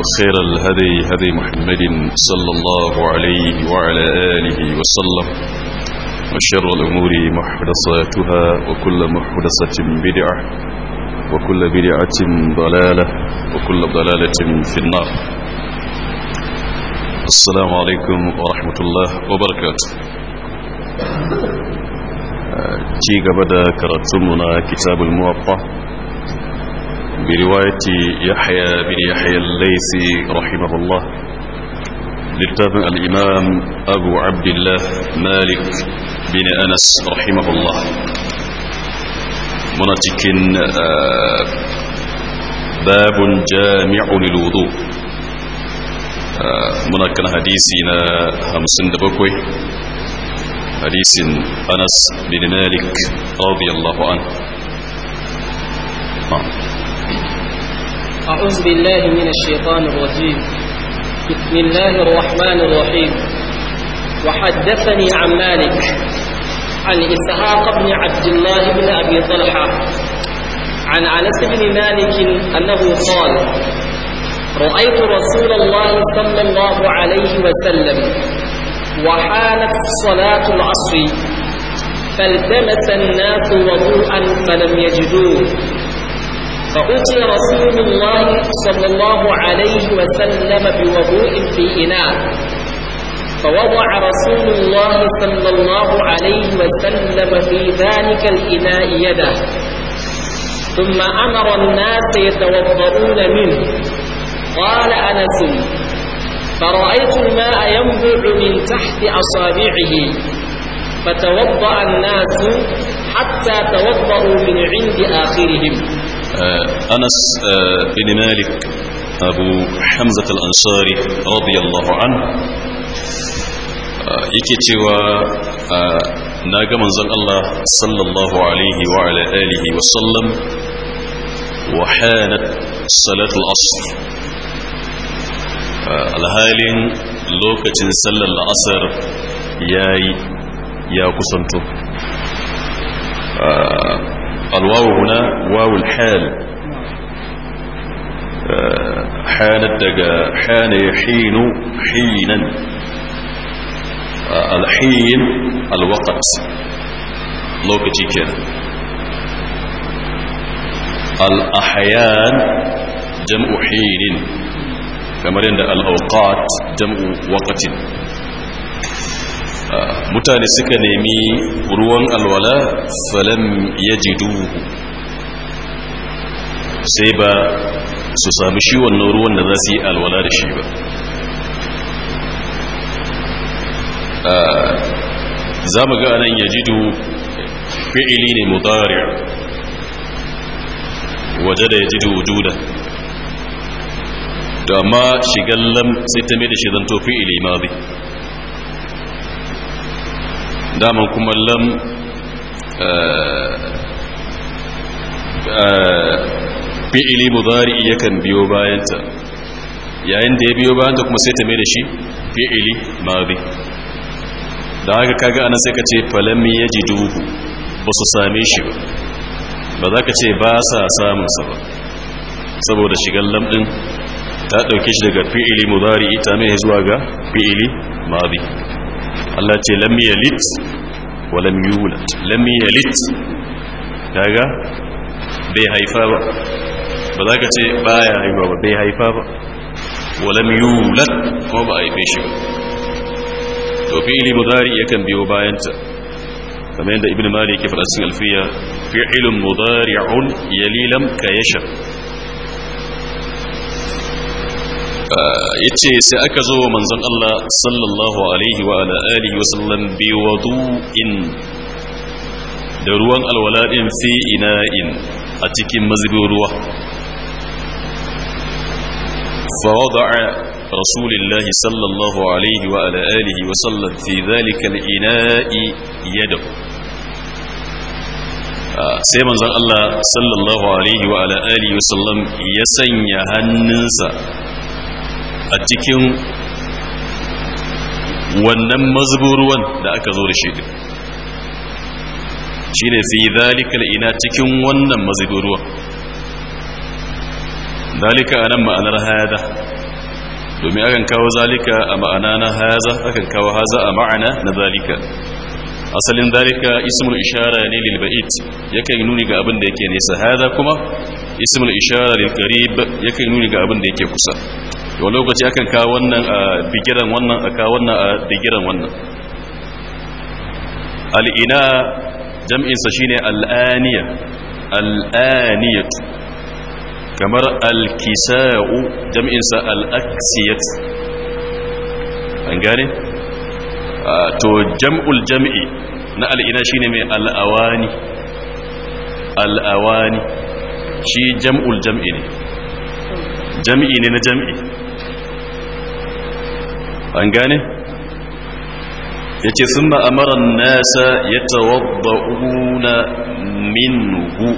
وخير الهدي هدي محمد صلى الله عليه وعلى آله وسلم وشر الأمور محدثاتها وكل محدثة بدعة وكل بدعة ضلالة وكل ضلالة في النار السلام عليكم ورحمة الله وبركاته آه، جيغ بدأ كرتمنا كتاب الموقع برواية يحيى بن يحيى الليثي رحمه الله لتابع الإمام أبو عبد الله مالك بن أنس رحمه الله مناتك آه، باب جامع للوضوء آه، مناكن حديثنا همسن دبكوي حديث أنس بن مالك رضي الله عنه آه. أعوذ بالله من الشيطان الرجيم بسم الله الرحمن الرحيم وحدثني عن مالك عن إسحاق بن عبد الله بن أبي طلحة عن أنس بن مالك أنه قال رأيت رسول الله صلى الله عليه وسلم وحانت صلاة العصر فالتمس الناس وضوءا فلم يجدوه فأتي رسول الله صلى الله عليه وسلم بوضوء في إناء فوضع رسول الله صلى الله عليه وسلم في ذلك الإناء يده ثم أمر الناس يتوضؤون منه قال أنس فرأيت الماء ينبع من تحت أصابعه فتوضأ الناس حتى توضأوا من عند آخرهم أنس بن مالك أبو حمزة الأنصاري رضي الله عنه yake cewa na ga manzon Allah sallallahu alaihi wa ala alihi wa sallam wa hanat salatul asr alhalin lokacin sallar asar yayi ya kusanto الواو هنا واو الحال آه، حان الدجا حان يحين حينا آه، الحين الوقت لوكتي كده الأحيان جمع حين كما عند الأوقات جمع وقت mutane suka nemi ruwan alwala falam yajiduhu sai ba su sami shi wannan ruwan da za su yi alwala da shi ba za mu ga nan yajidu fi'ili ne mutariya waje da yajidu wujuda da ma shigallam sai ta mai da shi zanto fi'ili ma zai. daman kuma lam eh, eh, fi'ili mudari yakan biyo bayanta yayin da ya biyo bayanta kuma sai ta mai da shi fi'ili bi, da haka kaga ana sai ka ce falam yajidu ba su same shi ba ba za ka ce ba sa samun sa ba saboda shigan lamɗin ta ɗauke shi daga fi'ili mudari ita mai zuwa ga fi'ili bi. Allah ce lam yalit ولم يولد لم يلد كاغا بي هايفا با بذاك تي با هايفا بي هايفا ولم يولد كو با اي بيش با تو بي لي مداري يكن بيو با كما عند ابن مالك في الاسئله الفيه في علم مضارع يلي لم كيشف ce sai aka zo manzon Allah sallallahu alaihi wa ala alihi wa sallam bi in da ruwan alwala din fi ina in a cikin mazubin ruwa fa wada'a رسول الله صلى الله عليه وعلى آله وسلم في ذلك الإناء يده sai manzon Allah sallallahu alaihi wa ala wa wasallam ya sanya hannunsa a cikin wannan mazburuwan da aka zo da shi ne din shine fi zalika ina cikin wannan mazburuwan zalika anan ma'anar hada domin akan kawo zalika a ma'ana na haza akan kawo haza a ma'ana na zalika asalin zalika ismul ishara ne lil ba'id yakan nuni ga abin da yake nesa haza kuma ismul ishara lil qarib yakan nuni ga abin da yake kusa wani lokaci akan kawo wannan a bigiran wannan a kawo wannan a bigiran wannan al'ina jam'insa shi ne al'aniya al'aniyat kamar al-kisa'u jam'insa al-aksiyat an gane? to jam'ul jam'i na al'ina shi ne mai al'awani al'awani shi jam'ul jam'i ne jam'i ne na jam'i an gane yace sun ma'amara nasa ya una minhu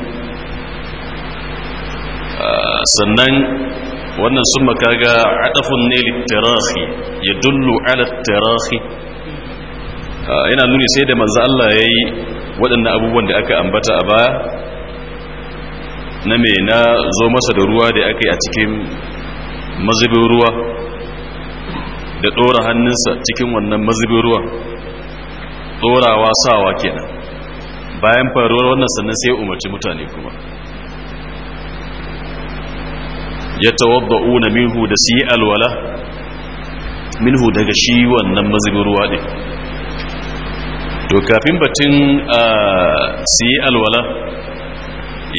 ah, sannan wannan sun ga adafin ne littarahi ya dullu ala tarahi ah, yana nuni sai da manzo Allah ya yi waɗannan abubuwan da aka ambata a baya na mai na zo masa da ruwa da aka yi a cikin mazubin ruwa da ɗora hannunsa cikin wannan mazubin ruwan ɗorawa sawa kenan bayan faruwar wannan sannan sai umarci mutane kuma ya tawadda Una minhu da su yi alwala minhu daga shi wannan mazubin ruwa ne to kafin batun ah, su yi alwala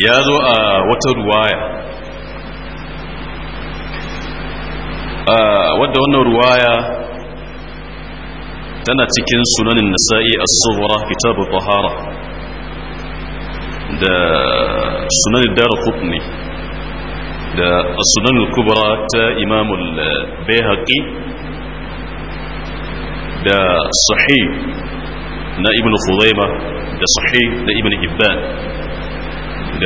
ya zo a wata ruwaya wadda wannan ruwaya tana cikin sunanin nasa'i as-sughra kitabu tahara da sunanin darqutni da as-sunan al-kubra ta imam al-bayhaqi da sahih na ibn khuzaimah da sahih na ibn hibban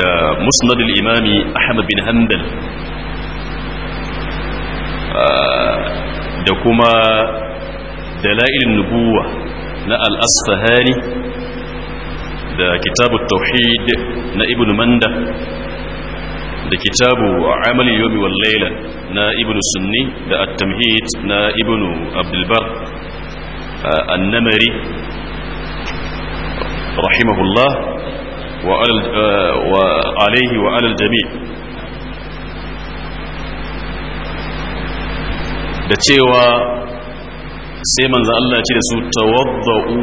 da musnad al-imami ahmad bin hanbal da kuma dalailin nubuwa na al-asfahani da kitabu tauhid na ibn manda da kitabu amali yomi wal laila na ibn sunni da at-tamhid na ibn abdul bar an-namari rahimahullah wa alaihi wa alal jami' da cewa sai manzo Allah ce da su tawadda'u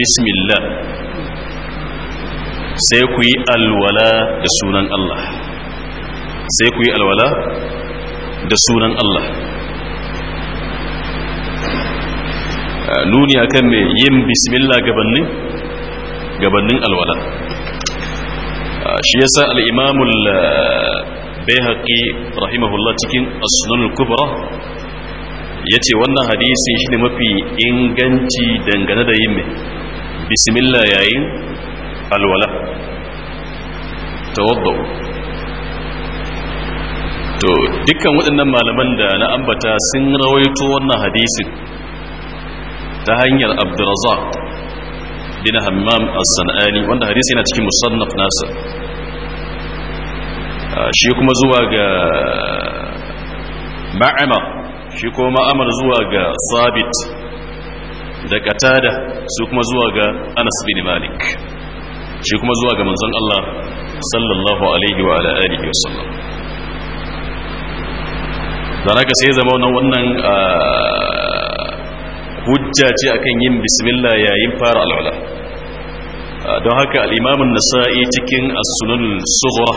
bismillah sai ku yi alwala da sunan Allah sai ku yi alwala da sunan Allah nuni akan mai yin bismillah gabanin gabanin alwala shi yasa al-imamul albayhaqi rahimahullah cikin as-sunan ya kubra yace wannan hadisi shine mafi inganci dangane da yin bismillah yayin alwala tawaddu to dukkan waɗannan malaman da na ambata sun rawaito wannan hadisin ta hanyar abdurrazzaq bin hammam as-sanani wanda hadisi yana cikin musannaf nasa shi kuma zuwa ga ma'ama shi kuma ma'amar zuwa ga sabit da katada su kuma zuwa ga anas bin malik shi kuma zuwa ga manzon Allah sallallahu alaihi wa alihi wa sallam dan haka sai zama wannan hujja ce akan yin bismillah yayin fara al'ula don haka al'imamun nasa'i cikin asunan suhura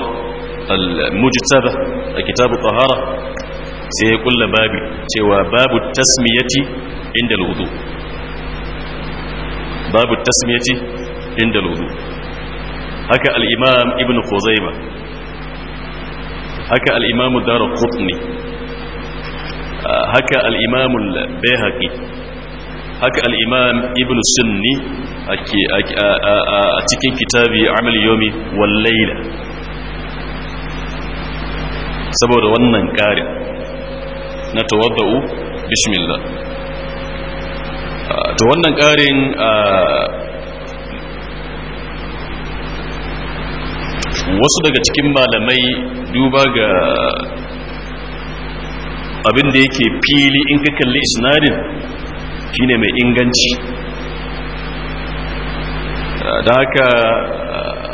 al-mujtaba a kitabu ƙahara, sai ya kulla babi cewa babu tasmiyati inda ludu babu tasmiyati inda ludu haka al'imam ibn khuzaiba haka al'imamu dara kutni haka al'imamun behaki haka al'imam ibn sunni a cikin kitabi amal yomi wallaila saboda wannan ƙarin na tawadda'u bismillah ah, to wannan ƙarin ah, wasu daga cikin malamai duba ga abin da yake fili in ka kalli isnadin shine mai inganci da haka uh,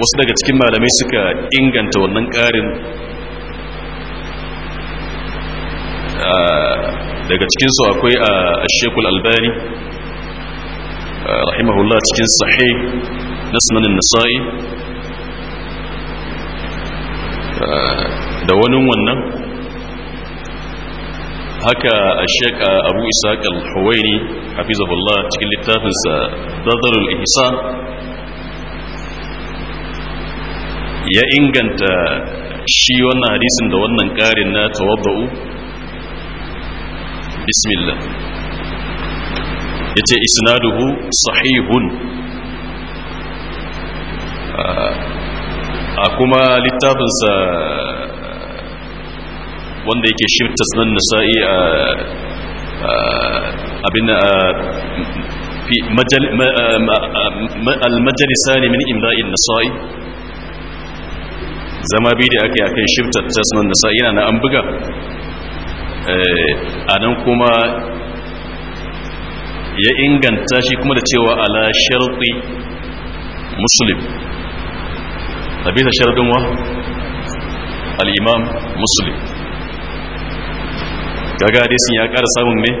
wasu daga cikin malamai suka inganta wannan ƙarin uh, daga cikinsu akwai a uh, shekul albani rahimahullah cikin sahi na sunanin nasa'i da wani wannan haka a sheka abu isaac al-huwaini hafizahullah cikin littafinsa dadarul ihsan ya inganta shi wannan hadisin da wannan karin na tawadda'u bismillah yace isnaduhu sahihun a kuma littafinsa wanda yake shifta sunan nasa'i a abin a majalisa ne min imra'in nasa'i zama biyu da aka yi akan shifta ta sunan nasa'i yana na an buga eh, a nan kuma ya inganta shi kuma da cewa ala sharti muslim a bisa shartin wa al'imam muslim dai hadisin ya kara samun ne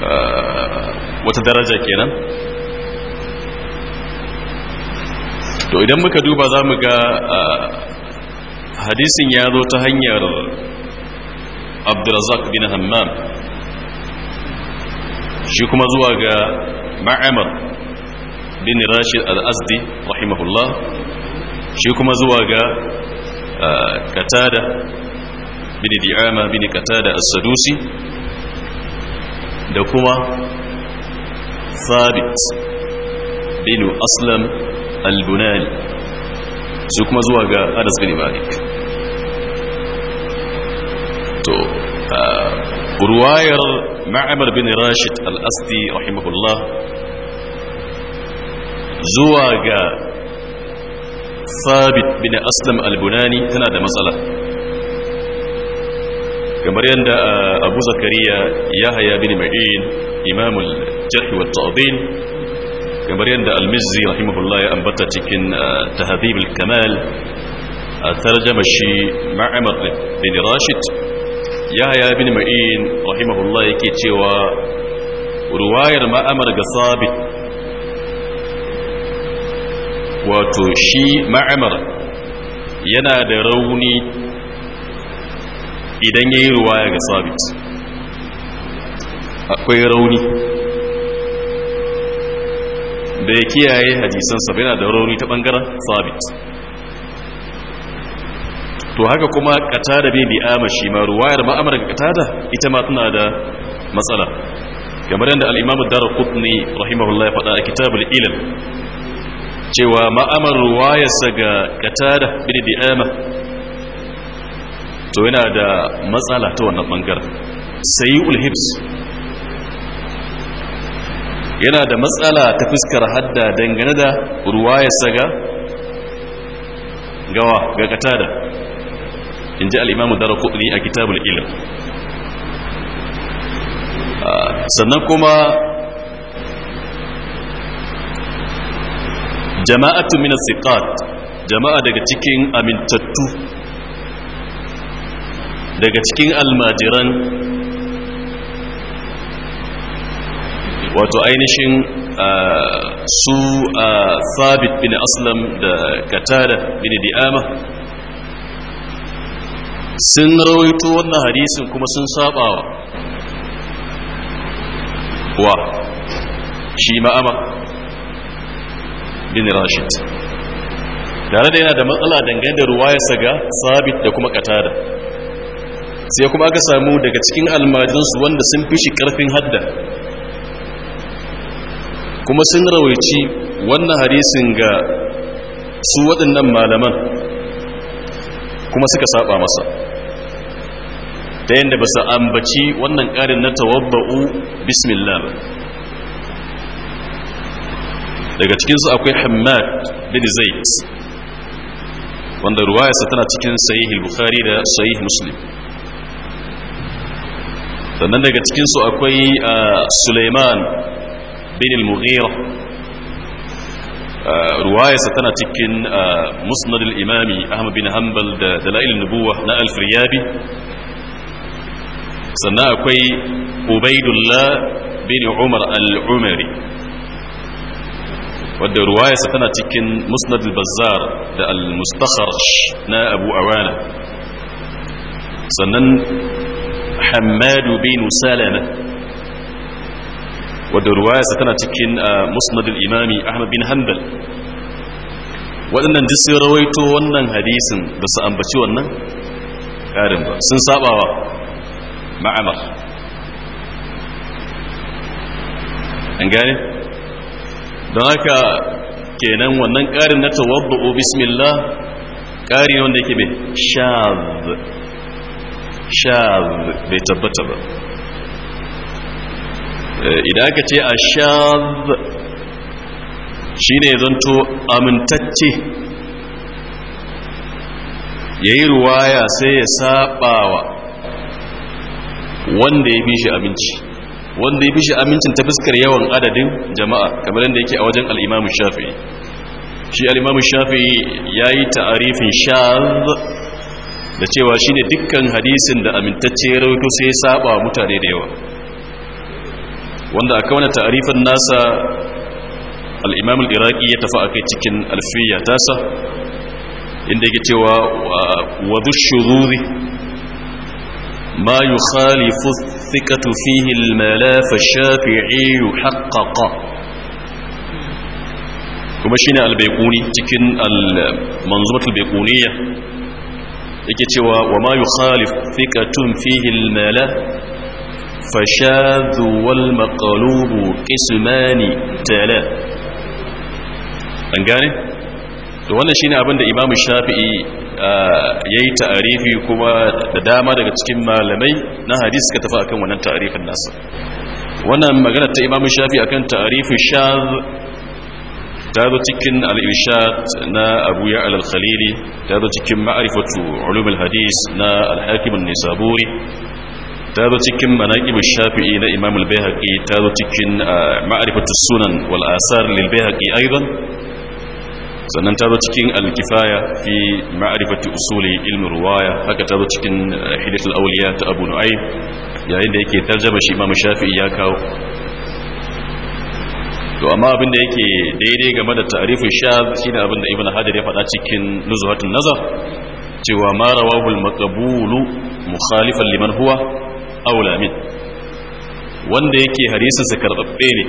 ah, wata daraja kenan to idan muka duba za mu ga ah, hadisin ya zo ta hanyar abdurazak bin hammam shi kuma zuwa ga ma'amar bin rashid al-azdi rahimahullah shi kuma zuwa ga katada ah, bin di'ama bin qatada as-sadusi da kuma sabit bin aslam al-bunani su kuma zuwa ga anas bin malik to ruwayar ma'amar bin rashid al-asti rahimahullah zuwa ga sabit bin aslam al-bunani tana da matsala kamar yadda abu zakariya yahaya bin ma'in imamul jarh wa ta'dil kamar yadda al-mizzi rahimahullah ya ambata cikin tahdhib al-kamal a tarjama shi ma'amar bin rashid yahaya bin ma'in rahimahullah yake cewa ruwayar ma'amar ga sabit wato shi ma'amar yana da rauni idan ya yi ruwaya ga sabit akwai rauni da ya kiyaye hadisansa yana da rauni ta bangaren sabit to haka kuma da bai bi'ama shi ma ruwayar ma'amar ga da ita ma tana da matsala kamar yadda al'imamu dara kutni rahimahullah ya faɗa a kitabul ilm cewa ma'amar ruwayarsa ga katada bai bi'ama to yana da matsala ta wannan bangaren sayi ulhibs yana da matsala ta fuskar hadda dangane da ruwa ya saga gawa ga katada in ji al'imamu dara kudini a kitabul ilm ah, sannan kuma jama'atu minas siqat jama'a daga cikin amintattu daga cikin almajiran wato ainihin su a sabit bin aslam da katada bin di'ama sun rawaito wannan hadisin kuma sun sabawa wa shi ma'ama bin rashid tare da yana da matsala dangane da ya saga sabit da kuma katada sai kuma aka samu daga cikin almajinsu wanda sun fi shi karfin hadda kuma sun rawaici wannan hadisin ga su waɗannan malaman kuma suka saba masa ta yadda ba su ambaci wannan ƙarin na tawabba'u bismillah ba daga cikinsu akwai hamad bin zait wanda sa tana cikin sahih bukhari da sahih muslim sannan daga cikinsu akwai suleiman bin al-mughira ruwayarsa tana cikin musnad al-imami ahmad bin hanbal da dalail nubuwa na al-firyabi sannan akwai ubaidullah bin umar al-umari wadda ruwayarsa tana cikin musnad al-bazzar da al-mustakharsh na abu awana sannan hammadu bin salama wadda ruwayarsa tana cikin uh, musnadul imami ahmad bin hanbal waɗannan duk sun rawaito wannan hadisin ba su ambaci wannan ƙarin ba sun saɓawa ma'amar an gane don haka kenan wannan ƙarin na tawaddu bismillah ƙari wanda yake mai shaz shab bai tabbata ba eh, idan aka ce a shab shi ne zanto amintacce ya yi ruwaya sai ya saɓawa wanda ya fi shi abinci, wanda ya fi shi amincin ta fuskar yawan adadin jama'a kamar yadda yake a wajen al'imamu shafi'i shi al'imamu shafi'i ya yi ta'arifin shaz da cewa shine dukkan hadisin da amintacce ya rawaito sai ya saba mutane da yawa wanda aka wani ta'arifin nasa al-imam al-iraqi ya tafi akai cikin alfiya tasa inda yake cewa wa dhushururi ma yukhalifu thiqatu fihi al-malaf ash-shafi'i haqqaqa kuma shine al-baiquni cikin al-manzumat al-baiquniyya yake cewa wa ma yukhalif fiqatun fihi al-mala fashadhu wal maqlubu qismani tala an gane to wannan shine abin da imamu shafi'i yayi ta'arifi kuma da dama daga cikin malamai na hadisi ka tafi akan wannan ta'arifin nasa wannan magana ta imamu shafi'i akan ta'arifin shadh تادو تكن الإرشاد نا أبو يعلى الخليلي تادو تكن معرفة علوم الحديث نا الحاكم النسابوري تادو تكن مناقب الشافعي نا إمام البيهقي تادو تكن آه، معرفة السنن والآثار للبيهقي أيضا sannan ta zo cikin alkifaya fi ma'arifati usuli ilmi ruwaya haka ta zo cikin hidatul auliya ta abu nu'ai yayin da yake tarjama shi imam shafi'i ya kawo to amma abin da yake daidai game da tarifin shaz shine abin da ibn hadar ya faɗa cikin nuzhatun nazar cewa ma al maqbulu mukhalifan liman huwa aula min wanda yake hadisin sa karbabbe ne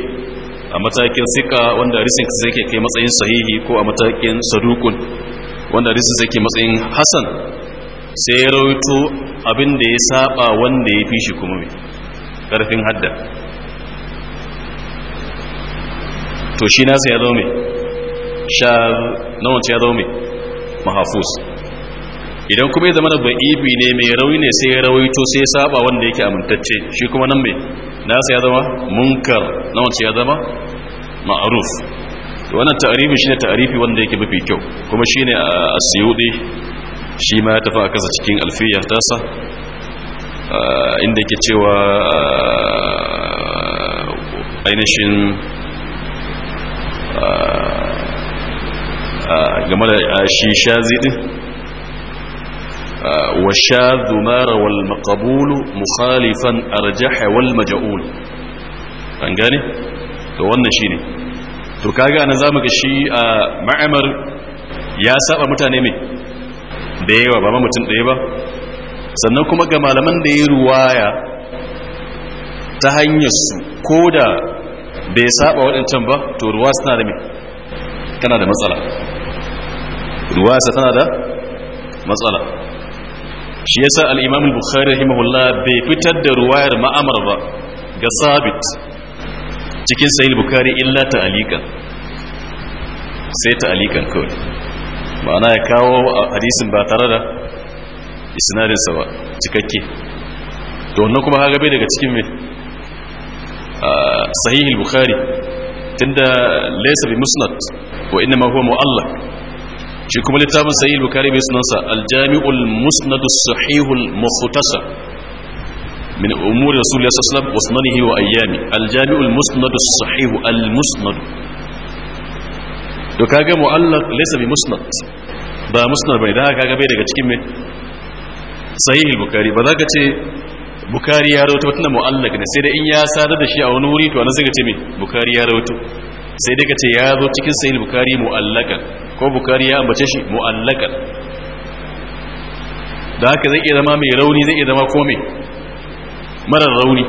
a matakin sika wanda hadisin sa yake kai matsayin sahihi ko a matakin sadukun wanda hadisin sa yake matsayin hasan sai ya rawaito abin da ya saba wanda ya fi shi kuma mai karfin hadda to shi nasa ya zaune, mai shar na wancan ya zaune mahafus idan kuma ya zama da ba'ibi ne mai rauni ne sai ya rawaito sai ya saba wanda yake amintacce shi kuma nan mai nasa ya zama munkar na wancan ya zama ma'aruf wannan ta'arifi shi ne ta'arifi wanda yake mafi kyau kuma shi ne a siyuɗe shi ma ya tafi a kasa cikin alfiyar tasa inda yake cewa ainihin game da uh, shi shazi din uh, wa shadhu mara wal maqbulu mukhalifan arjaha wal maj'ul an gane to wannan shine to kaga ana zamu ga shi a uh, ma'amar ya saba mutane mai da yawa ba mutum ɗaya ba sannan kuma ga malaman da ya ruwaya ta hanyar su ko da bai saba waɗancan ba to ruwa suna da mai tana da matsala ruwa tana da matsala shi yasa al-imam al-bukhari rahimahullah bai fitar da ruwayar ma'amar ba ga sabit cikin sahih bukhari illa ta'alikan sai ta'alikan kawai ma'ana ya kawo hadisin ba tare da isnadinsa ba cikakke to wannan kuma ha bai daga cikin mai sahih al-bukhari tunda laysa bi musnad wa inma huwa mu'allaq shi kuma littafin sahih al-bukhari bai sunansa al-jami'ul musnad as-sahih al-mukhtasar min umuri rasulullah sallallahu alaihi wasallam wa sunanihi wa ayyami al-jami'ul musnad as-sahih al-musnad to kaga mu'allaq laysa bi musnad ba musnad bai da kaga bai daga cikin mai sahih al-bukhari ba za ka ce bukari ya wata na mu'allaka ne sai dai in ya sadar da shi a wani wuri to a sai ka ce me bukari ya rauta sai dai ka ce ya zo cikin sahih bukari mu'allaka ko bukari ya ambace shi mu'allaka da haka zai iya zama mai rauni zai iya zama kome marar rauni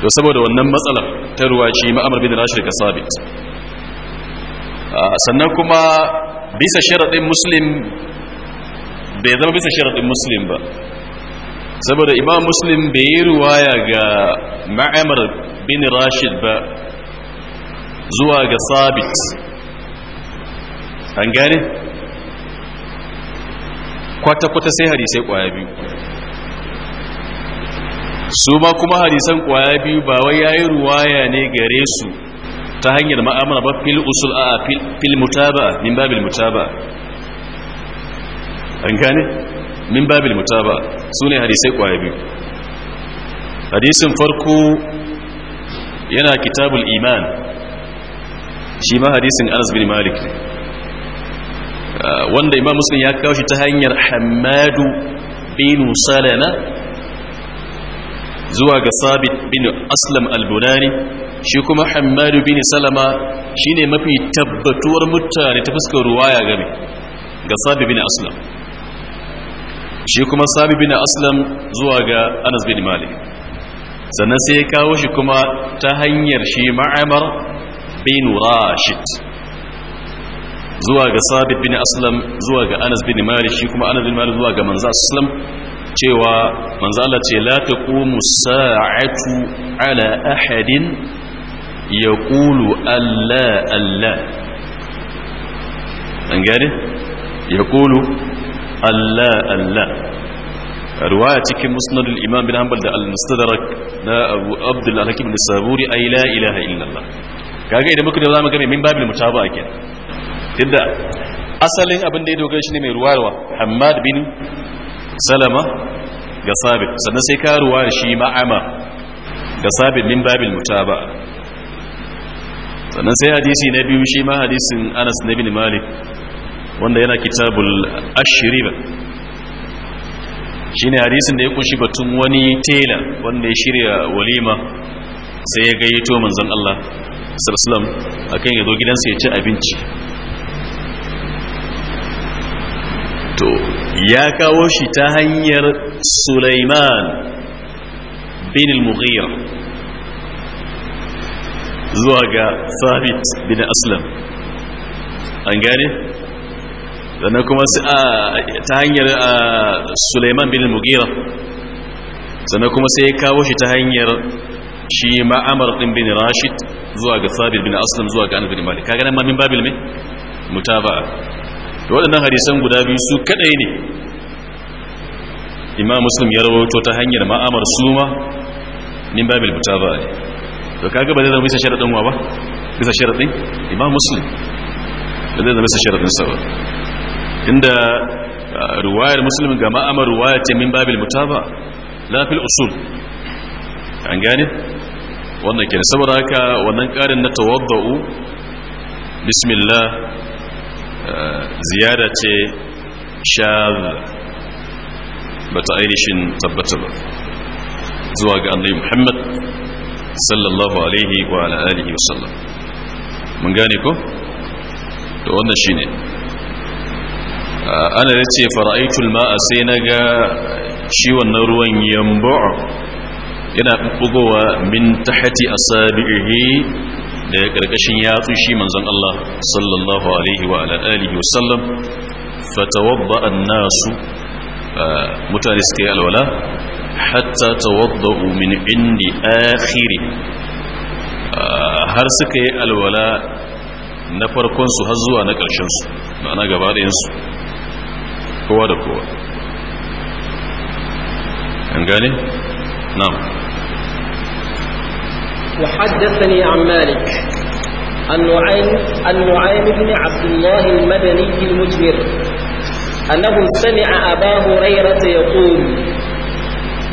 to saboda wannan matsalar ta ruwa shi ma'amar bin rashid ka sabit sannan kuma bisa sharaɗin muslim bai zama bisa sharaɗin muslim ba saboda imam muslim bai yi ruwaya ga ma'amar bin rashid ba zuwa ga sabit an gane kwata-kwata sai harisai kwaya biyu su ma kuma harisan kwaya biyu ba wai ya yi ruwaya ne gare su ta hanyar ma'amala ba fil usul a fil mutaba min babil mutaba an gane min babil mutaba sune hadisai kwaya biyu hadisin farko yana kitabul iman shi ma hadisin anas bin malik ah, wanda imam muslim ya kawo shi ta hanyar hamadu bin salana zuwa ga sabit bin aslam Al-Bunani, shi kuma hamadu bin salama shine mafi tabbatuwar mutane ta fuskar ruwaya game ga sabit bin aslam shi kuma sabi bin aslam zuwa ga anas bin malik sannan sai ya kawo shi kuma ta hanyar shi ma'amar bin rashid zuwa ga sabi bin aslam zuwa ga anas bin malik shi kuma anas bin malik zuwa ga manzo aslam cewa manzo Allah ce la taqumu sa'atu ala ahadin yaqulu alla alla an yaqulu Allah Allah ruwaya cikin musnad al-imam bin hanbal da al-mustadrak na abu abdul al-hakim al-saburi ay la ilaha illallah kaga idan muka da zamu ga min babil mutaba'a kenan tunda asalin abin da ya dogara shi ne mai ruwarwa hammad bin salama ga sabit sannan sai ka ruwa shi ma'ama ga sabit min babil mutaba'a sannan sai hadisi na biyu shi ma hadisin anas na bin malik wanda yana kitabul shi shine hadisin da ya kunshi batun wani tela wanda ya shirya walima sai ya gayyato manzon Allah sallallahu a kan akan gidansa ya ci abinci to ya kawo shi ta hanyar Sulaiman bin al-Mughira zuwa ga sabit bin Aslam an gane sannan kuma ah, ta hanyar ah, suleiman bin mugira sannan kuma sai ya kawo shi ta hanyar shi ma'amar din bin rashid zuwa ga sabir bin aslam zuwa ga anabin malik kaga nan ma min babil mai mutaba'a to waɗannan hadisan guda biyu su kadai ne imam muslim ya rawaito ta hanyar ma'amar suma min babil mutaba'a ne to kaga ba zai zama bisa sharadin wa ba bisa sharadin imam muslim ba zai zama bisa sharadin sa ba inda uh, ruwayar muslim ga ma'amar ruwaya ce min babil mutaba la fil usul an gane wannan kenan saboda haka wannan karin na tawadda'u bismillah uh, ziyara ce shadh bata ainihin tabbata ba zuwa ga annabi Muhammad sallallahu alaihi wa ala alihi wasallam mun gane ko to wannan shine Ah, ana da ce fara'aitul ma'a sai na ga shi wannan ruwan yambo yana bugowa min a asabihi da ƙarƙashin yatsu shi manzan Allah sallallahu alaihi wa ala alihi wasallam fatawadda an-nasu ah, mutane suka yi alwala hatta tawadda'u min indi akhiri ah, har suka yi alwala na farkon su har zuwa na karshen su ma'ana gaba kowa da kowa an gane na'am وحدثني عن مالك النعيم النعيم بن عبد الله المدني المجمر أنه سمع أبا هريرة يقول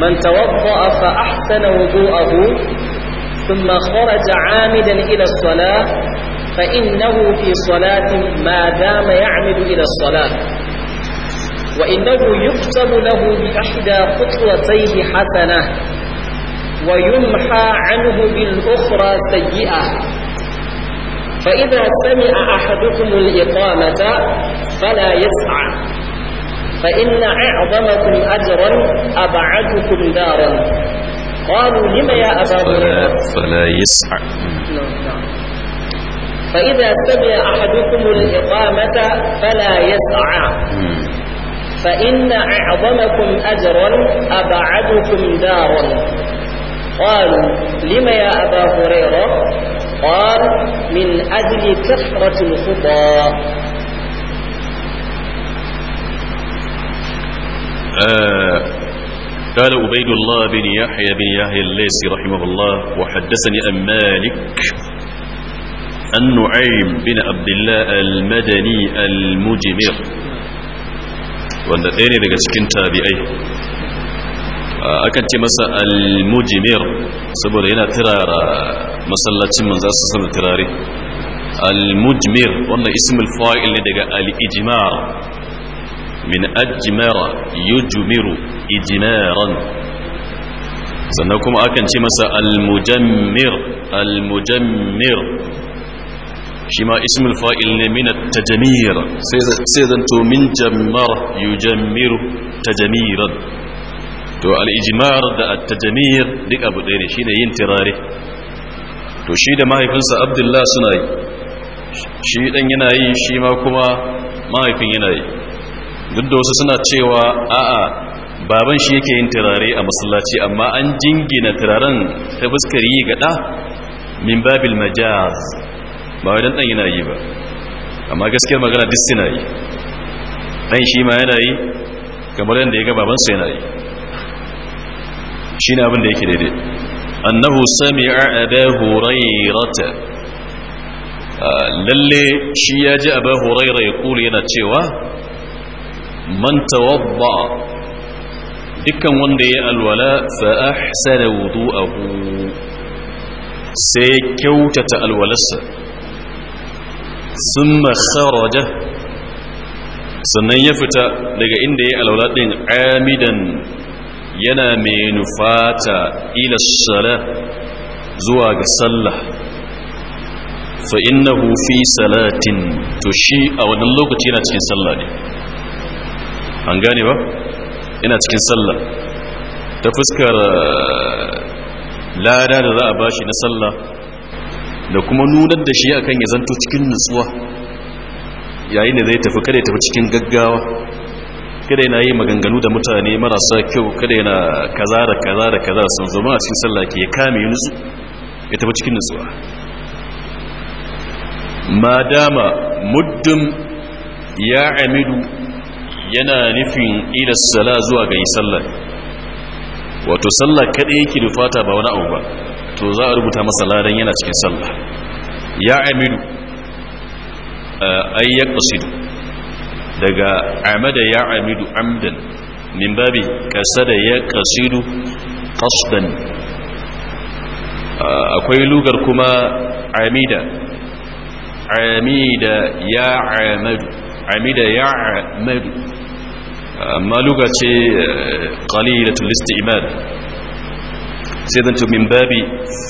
من توضأ فأحسن وضوءه ثم خرج عامدا إلى الصلاة فإنه في صلاة ما دام يعمد إلى الصلاة وإنه يكتب له بأحدى خطوتيه حسنة ويمحى عنه بالأخرى سيئة فإذا سمع أحدكم الإقامة فلا يسعى فإن أعظمكم أجرا أبعدكم دارا قالوا لم يا أبا فلا, فلا يسعى فإذا سمع أحدكم الإقامة فلا يسعى فإن أعظمكم أجرا أبعدكم دارا قالوا لم يا أبا هريرة قال من أجل كثرة الخطى آه قال عبيد الله بن يحيى بن يحيى الليسي رحمه الله وحدثني أن مالك النعيم بن عبد الله المدني المجمر wanda ɗaya ne daga cikin tabi'ai akan ce masa al saboda yana tirara masallacin manzo su sama tirare al-mujmir wannan ismul fa'il ne daga al-ijmar min ajmara yujmiru ijmaran sannan kuma akan ce masa al-mujammir al-mujammir shi ma ismul fa'il ne min at-tajmir sai zanto min jammar jammiru? tajmiran to al'ijimar ijmar da at-tajmir duk abu ɗaya ne shine yin tirare to shi da mahaifinsa abdullah suna yi shi ɗan yana yi shi ma kuma mahaifin yana yi duk da wasu suna cewa a'a baban shi yake yin turare a masallaci amma an jingina turaren ta fuskar yi ɗa, min babil majaz ba wai dan dan yana yi ba amma gaskiyar magana duk suna yi shi ma yana yi kamar yadda ya ga babansa yana yi shine abin da yake daidai annahu sami'a abu ah, lalle shi ya ji abu huraira ya kula yana cewa man ba dukkan wanda ya alwala fa ahsana abu sai kyautata alwalarsa sun masaraja sannan ya fita daga inda ya alwala amidan yana mai nufata ila sala zuwa ga sallah fa innahu fi salatin to shi a wannan lokaci yana cikin sallah ne an gane ba yana cikin sallah ta fuskar eh, lada da za a bashi na sallah da kuma nunar da shi akan ya zanto cikin nutsuwa yayin da zai tafi kada ya tafi cikin gaggawa kada yana yi maganganu da mutane marasa kyau kada yana kaza da kaza da kaza sun zo ma cikin sallah ke kame nutsu ya tafi cikin nutsuwa ma dama muddin ya amidu yana nufin ila sallah zuwa ga yi sallah wato sallah kada yake da fata ba wani abu ba to za a rubuta masa ladan yana cikin sallah ya amilu eh, ya yaqsidu daga amada ya amidu amdan min babi kasada ya qasidu qasdan eh, akwai lugar kuma amida amida ya amadu amida ya amadu eh, amma lugar ce qalilatul isti'mal sai zan min babi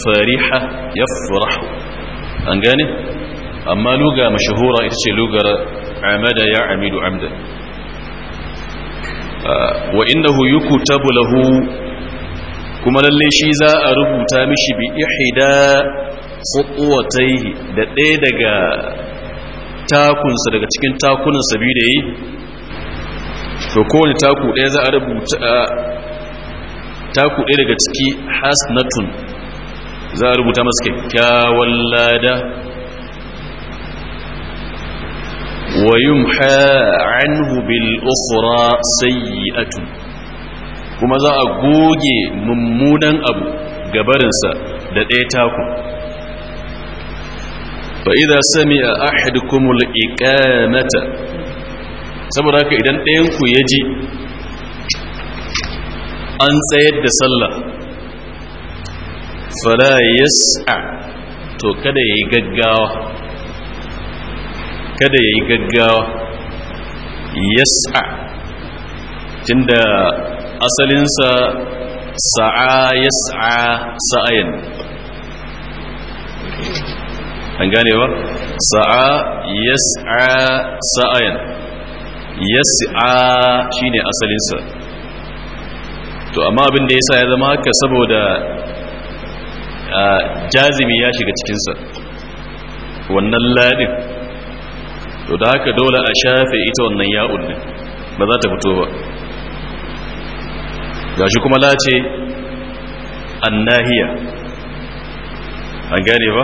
fariha ya furahu an gane amma luga mashahura ita ce lugar amada ya amidu amda wa innahu yukutabu lahu kuma lalle shi za a rubuta mishi bi ihda yi da ɗaya daga takunsa daga cikin takunan sabi da yi to kowane taku ɗaya za a rubuta taku ɗaya daga ciki hasnatun za a rubuta masu kyakkyawan lada wa yumha anhu bil ukhra sayyi'atun kuma za a goge mummunan abu gabarinsa da ɗaya taku fa idan sami a ahadukumul ikamata saboda haka idan ɗayanku ya ji. an tsayar da sallah ya yas'a to kada yayi gaggawa kada yayi gaggawa yas'a tunda asalinsa sa'a yas'a sa'ayin an gane ba sa'a yas'a sa'ayan yas'a shine asalinsa to amma abin da yasa ya zama haka saboda jazimi ya shiga cikinsa wannan ladin to da haka dole a shafe ita wannan ya'un ne ba za ta fito ba gashi kuma lace annahiya an gane ba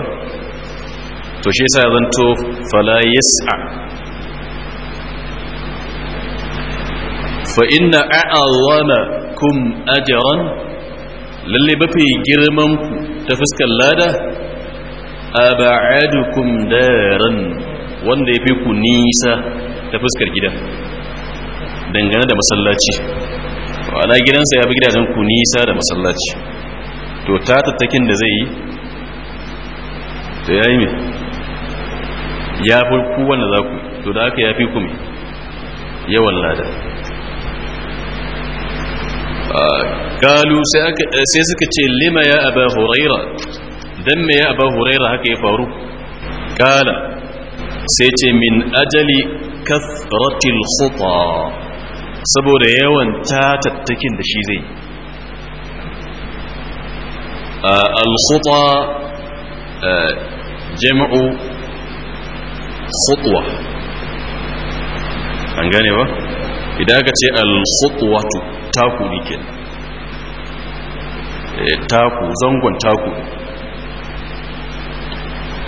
to shi yasa ya zanto fala yas'a inna a'awana kum ajran lalle mafi girman ku ta fuskar lada aba'adukum daran wanda yafi ku nisa ta fuskar gida dangane da masallaci wala gidansa ya bi gidajen ku nisa da masallaci to ta tattakin da zai yi to yayi me ya fi ku wanda za to da haka ya fi ku yawan lada آه، قالوا آه، سيزكت لما يا أبا هريرة دم يا أبا هريرة هكي فارو قال سيت من أجل كثرة الخطى سبور يوان تا تتكين دشي زي آه، الخطى جمع خطوة عن جانبه إذا قلت الخطوة taku ne ke eh, taku zangon taku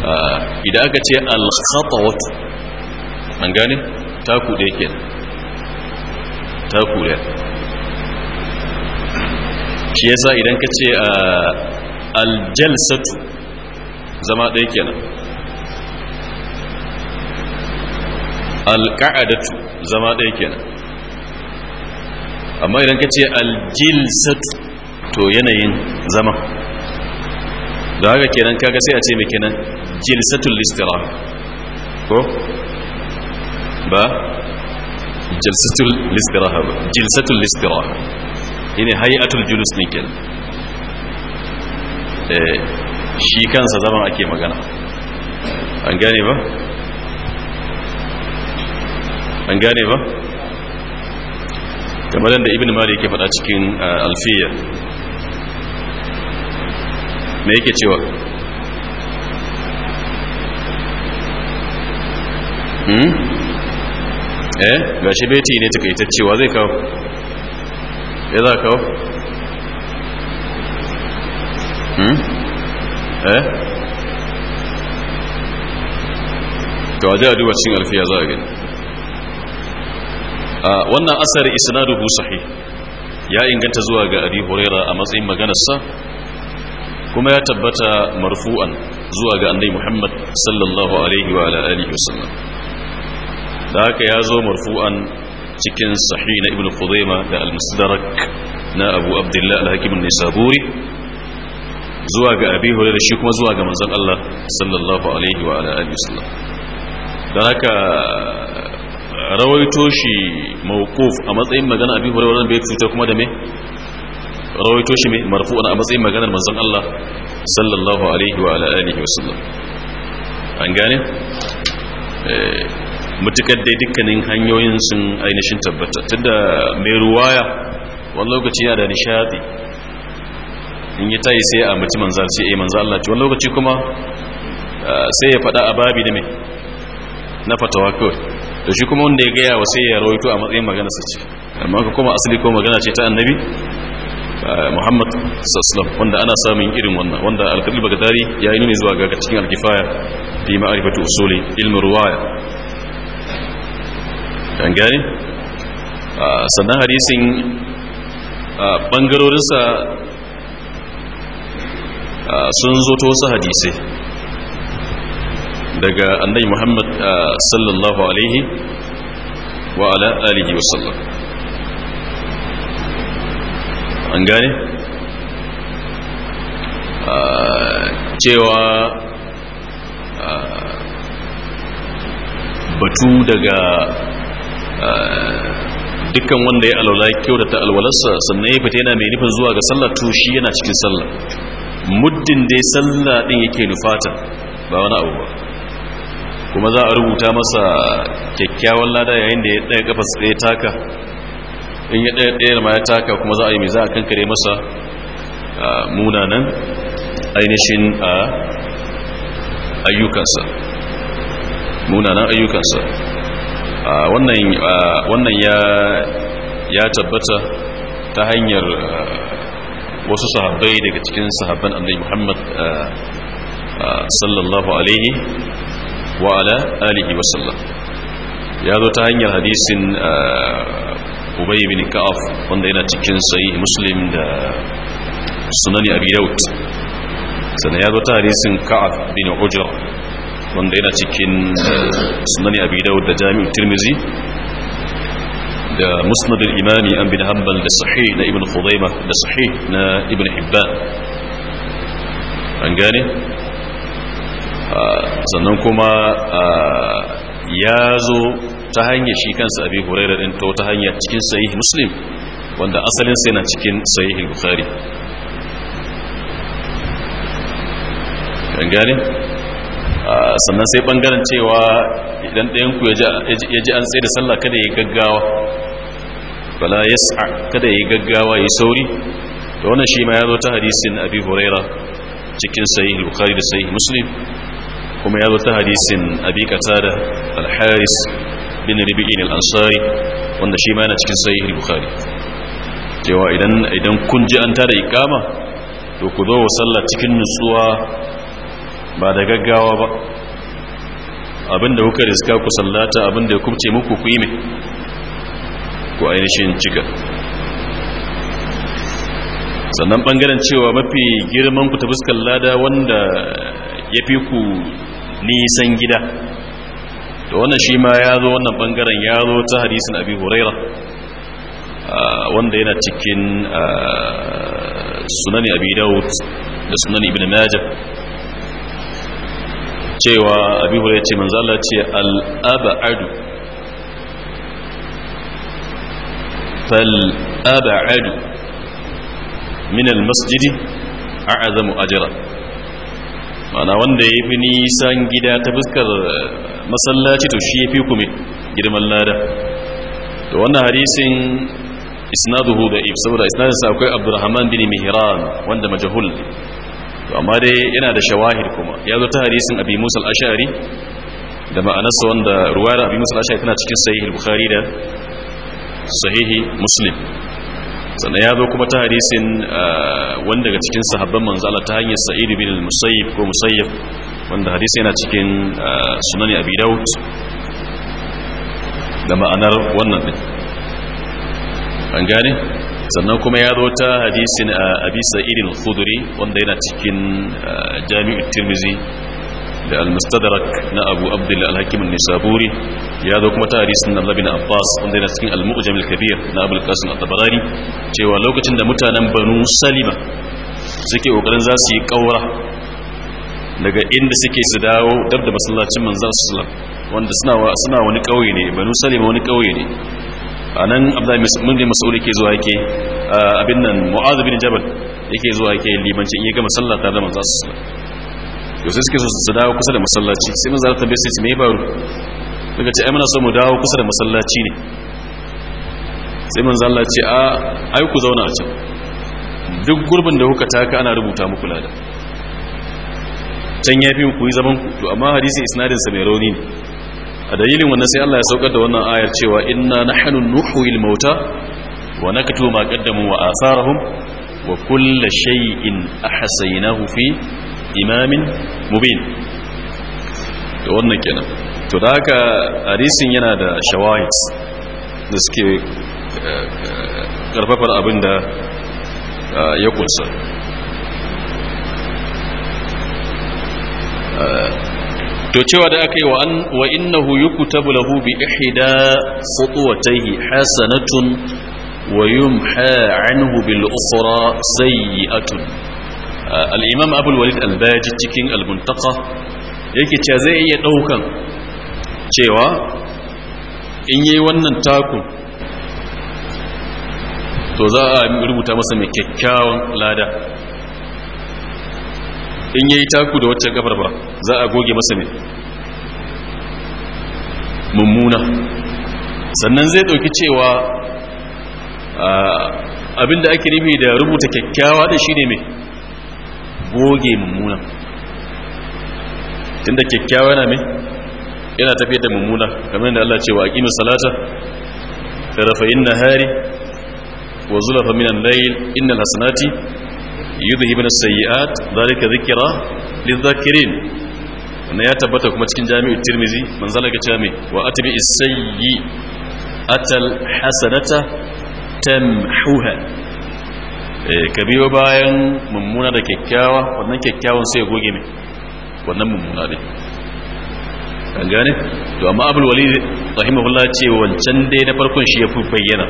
ah, idan aka ce al-khatawat an gane taku da yake taku da shi yasa idan ka ce ah, al-jalsatu zama ɗaya nan al-qa'adatu zama ɗaya nan amma idan ka ce aljilsat to yanayin zama da haka kenan kaga sai a ce mai kenan jilsatul listira ko ba jilsatul listira ba jilsatul listira yine hay'atul julus ne kenan eh, shi kansa zaman ake magana an gane ba an gane ba kamar yadda ibn mali yake faɗa cikin uh, alfiya me yake cewa hmm eh gashi beti ne takaitaccewa zai kawo ya za kawo hmm eh to a duba cikin alfiya za a gani wannan asar isnaduhu sahih ya inganta zuwa ga abi huraira a matsayin maganarsa kuma ya tabbata marfu'an zuwa ga annabi muhammad sallallahu alaihi wa ala alihi wasallam da haka ya zo marfu'an cikin sahih na ibnu qudaima da al-musdarak na abu abdullah al-hakim an-nisaburi zuwa ga abi huraira shi kuma zuwa ga manzon Allah sallallahu alaihi wa ala alihi wasallam da haka rawaito shi mawkuf a matsayin magana abi hurairah bai cuta kuma da me rawaito shi mai marfu'an a matsayin maganar manzon Allah sallallahu alaihi wa alihi wasallam an gane eh, mutukar dai dukkanin hanyoyin sun ainihin tabbata tunda mai ruwaya wani lokaci yana da nishadi in yi tayi sai a mutum manzar sai a manzar Allah ci wani lokaci kuma eh, sai ya faɗa a babi da mai na fatawa kawai to shi kuma wanda ya gaya wa sai ya rawaito a matsayin magana sace amma ka kuma asali ko magana ce ta annabi muhammad saslam wanda ana samun irin wannan wanda alkalil bagadari ya yi nuni zuwa ga cikin alkifaya fi ma'arifatu usuli ilmin ruwaya an gane sannan hadisin bangarorinsa sun zo to wasu hadisai daga annai muhammad sallallahu alaihi wa ala alihi wa sallam an gane cewa batu daga dukkan wanda ya alaula kyautata alwalarsa sannan ya fita yana mai nufin zuwa ga sallar to shi yana cikin sallar muddin dai sallah din yake nufata ba wani abu ba kuma za a rubuta masa kyakkyawan lada yayin da ya ɗaya su ɗaya taka in ya ɗaya ɗaya ma ya taka kuma za a yi mai za a kankare masa munanan ainihin a ayyukansa munanan ayyukansa wannan ya tabbata ta hanyar wasu sahabbai daga cikin sahabban annabi muhammad sallallahu alaihi wa ala alihi wa sallam ya zo ta hanyar hadisin ubay bin ka'af wanda yana cikin sahih muslim da sunani abi daud sannan ya zo ta hadisin ka'af bin ujra wanda yana cikin sunani abi daud da jami'u tirmizi da musnad al-imami an bin hanbal da sahih na ibn khudaimah da sahih na ibn hibban an gane sannan kuma ya zo ta hanyar shi kansa abi hurairar ɗin to ta hanyar cikin sahih muslim wanda asalin sai na cikin sahih bukhari gangare sannan sai bangaren cewa idan ɗayan ku ya ji an tsaye da sallah kada ya gaggawa bala ya sa kada ya gaggawa ya sauri da wannan shi ma ya zo ta hadisin abi hurairar cikin sahih bukhari da sahih muslim kuma ya zo hadisin abi qatada al-haris bin rabi'in al-ansari wanda shi ma yana cikin sahih bukhari cewa idan kun ji an tada ikama, to ku zo sallah cikin nutsuwa ba da gaggawa ba abinda kuka riska ku sallata abinda ya kubce muku ku yi mai, ku ainihin cika sannan bangaren cewa mafi girman ku ta fuskar lada wanda ya fi ku nisan gida da wannan shi ma ya zo wannan bangaren ya zo ta hadisin abi huraira wanda yana cikin sunani abi daud da sunani ibn majah cewa abi huraira ce manzo Allah ce al-ab'adu fal ab'adu min almasjidi a'azamu ajra Ma'ana wanda ya fi nisan gida ta fuskar eh, masallaci to shi ya fi kuma girman lada to wannan hadisin isnaduhu da if saboda isnadinsa akwai abdurrahman bin mihran wanda majahul to amma dai yana da shawahid kuma ya zo ta hadisin abi musa al-ashari da ma'anarsa wanda ruwayar abi musa al-ashari tana cikin sahih al-bukhari da sahihi muslim sannan ya zo kuma ta hadisin uh, wanda daga cikin sahabban manzala ta hanyar sa'id bin al-musayyib ko musayyib wanda hadisi yana cikin uh, sunani abi daud da ma'anar wannan din an gane sannan kuma ya zo ta hadisin uh, abi sa'id al-khudri wanda yana cikin jami'ut tirmidhi da al-mustadrak na abu abdullah al-hakim an-nisaburi ya zo kuma tarihin nan labin abbas wanda yana cikin al-mu'jam al-kabir na abul qasim at-tabarani cewa lokacin da mutanen banu salima suke kokarin za su yi kaura daga inda suke su dawo dab da masallacin manzon sallam wanda suna suna wani kauye ne banu salima wani kauye ne anan abdullahi bin mas'ud ke zuwa yake abin nan mu'adh bin jabal yake zuwa yake limanci in ya gama sallah tare da manzon sallam yau sai suke su dawo kusa da masallaci sai mun zara tambaye sai su mai baro daga ce ai muna so mu dawo kusa da masallaci ne sai mun zallace a ai ku zauna a can duk gurbin da kuka taka ana rubuta muku lada can ya fi ku yi zaman ku to amma hadisi isnadin sa mai rauni ne a dalilin wannan sai Allah ya saukar da wannan ayar cewa inna nahnu nuhyil mauta wa naktubu ma qaddamu wa atharahum wa kullu shay'in ahsaynahu fi imamin mubin da wannan kenan to da haka hadisin yana da shawahid da suke eh, karfafar abin da eh, ya kunsa eh, to cewa da aka yi wa innahu yukutabu lahu bi ihda khutuwatayhi hasanatun wa yumha anhu bil ukhra sayyi'atun al'imam abul walid albaji cikin albuntaka yake ce zai iya ɗaukan cewa in yi wannan takun to za a rubuta masa mai kyakkyawan lada in yi taku da wacce gabar ba za a goge masa mai mummuna sannan zai ɗauki cewa abinda ake nufi da rubuta kyakkyawa da shi ne mai goge mummuna tunda kyakkyawa yana mai yana tafiyar da mummuna kamar yadda Allah ce wa aqimus salata tarafayin nahari wa zulafa minan layl innal hasanati yudhibun as-sayyi'at dhalika dhikra lidh-dhakirin wannan ya tabbata kuma cikin jami'u tirmizi manzala ga cewa mai wa atbi as-sayyi atal hasanata tamhuha Eh, ka biyo bayan mummuna da kyakkyawa wannan kyakkyawan sai goge ne wannan mummuna ne an gane to amma abul wali rahimahullah ce wancan dai na farkon shi ya fi bayyana